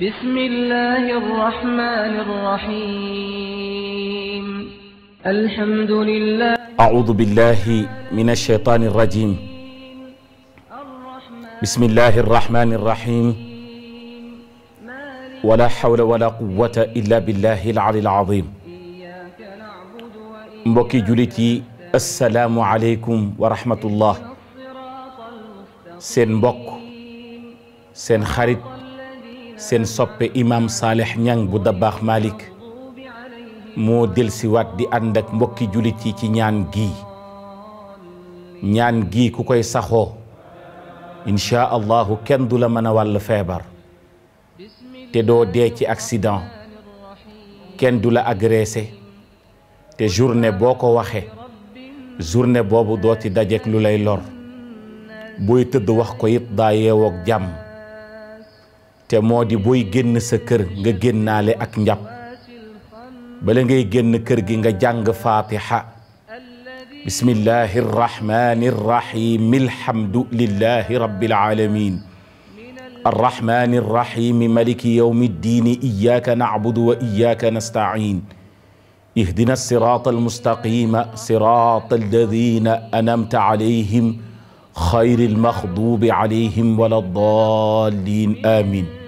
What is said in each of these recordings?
بسم الله الرحمن الرحيم الحمد لله أعوذ بالله من الشيطان الرجيم بسم الله الرحمن الرحيم ولا حول ولا قوة إلا بالله العلي العظيم مبكي جلتي السلام عليكم ورحمة الله سين بوك سين خريط seen soppe imam Saleh Niang bu Dabakh Malick moo delsiwaat di ànd ak mbokki jullit yi ci ñaan gii ñaan gii ku koy saxoo inchaa allahu kenn du la mën a wàll feebar te doo dee ci accident kenn du la agressé te journée boo ko waxe journée boobu doo ci dajeek lu lay lor buy tëdd wax ko it daa yeewoog jàmm te moo di booy génn sa kër nga génnaale ak njàpp bala ngay génn kër gi nga jàng fatiha bismillahi arrahmani arrahim alhamdu lillahi rabbil alamin arrahmani arrahim maliki yawmi ddini iyyaka na'budu wa iyyaka nasta'in ihdina sirata almustaqima sirata alladina anamta alayhim xayri almaxdubi alayhim wala ddallin amin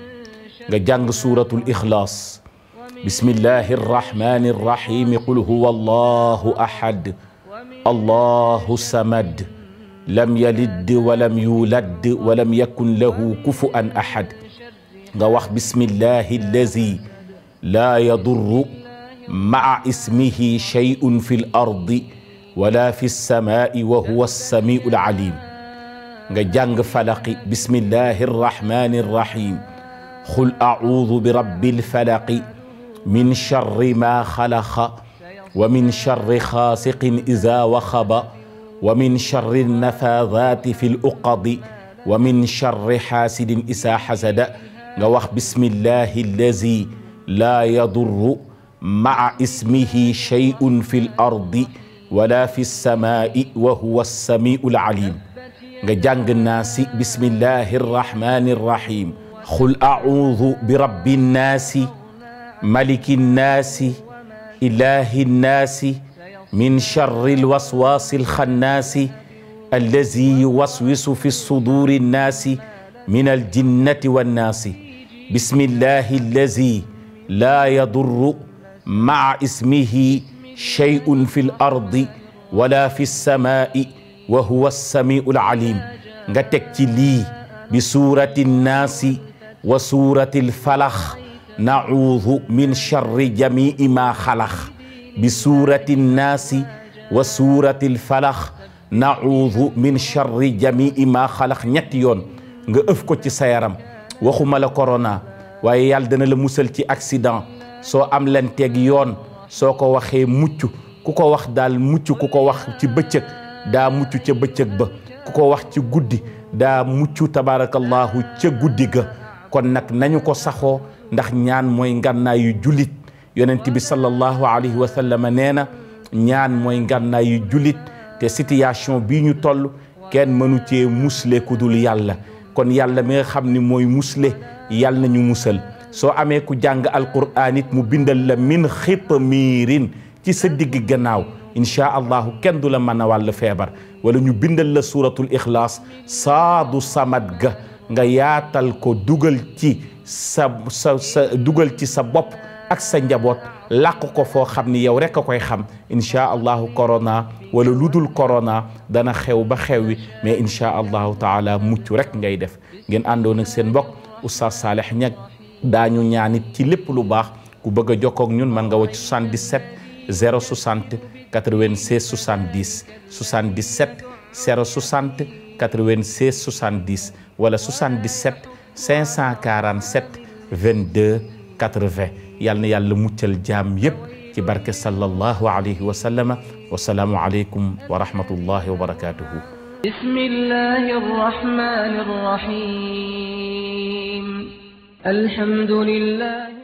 nga jàng suuratul ixlaas bismillahi arrahmani arrahimi qul huwa allahu ahad allahu samad lam yalid walam yulad walam yakun lahu kufuan ahad nga wax bismillahi allazi laa yadurru maa ismihi shay'un fi l ardi wala fi samaai wa huwa samiu alalim nga jàng falaqi bismillahi arrahmani arrahim xul audu bi rabbil falaqi min charri ma xalaqa wa min charri xaasiqin ida waxaba wa min charri nafaadaati fi l uqadi wa min charri xaasidin isaa xasada nga wax bismillahi allazi laa yadurru maca ismihi shay'un fi l ardi wala fi samaai wa huwa samiu alalim nga jàng naa si bismillahi arrahmani arrahim xul audu bi rabbi nnaasi maliki nnaasi ilahi nnaasi min charri lwaswaasi alxannaasi allazi yuwaswisu fi suduri nnaasi min aljinnati wannaasi bismillahi allazi laa yadurru maca ismihi shay'un fi lardi wala fi samaai wa huwa alsamiu alalim nga teg ci lii bi surati nnaasi wa suuratil falax nauudu min charri jamii ma xalax bi suurati nnaasi wa suuratil falax nauudu min charri jamii ma xalax ñetti yoon nga ëf ko ci sa yaram waxuma la corona waaye yàlla dana la musal ci accident soo am leen teeg yoon soo ko waxee mucc ku ko wax daal mucc ku ko wax ci bëccëg daa mucc ca bëccëg ba ku ko wax ci guddi daa mucc tabaarakallahu ca guddi ga kon nag nañu ko saxoo ndax ñaan mooy ngànnaay yu jullit yonent bi sallallahu alayhi wa sallam nee na ñaan mooy ngànnaay yu jullit te situation bii ñu toll kenn mënu ci musle ku dul yàlla kon yàlla mi xam ni mooy musle yàlla nañu musal soo amee ku jàng alquraan it mu bindal la min xitmiirin ci sa digg gannaaw incha allahu kenn du la mën a wàll feebar wala ñu bindal la suuratul ixlaas saadu samat ga nga yaatal ko dugal ci sa sa sa dugal ci sa bopp ak sa njaboot lakk ko foo xam ni yow rek a koy xam incha allahu corona wala lu dul korona dana xew ba xew wi mais incha allahu taala mucc rek ngay def ngeen àndoon ak seen mbokk oustaz Saalih Niang daañu ñaanit ci lépp lu baax ku bëgg a jokkoo ñun mën nga wacc 77 060 96 70 77 060 96 70 wala 77 547 22 80 yal na yàlla muccal jaam yépp ci barke sallallahu alayhi wa sallama wasalaamu aleykum wa rahmatullahi wa barakatuhu bismillahi rahmani rahim alhamdulillah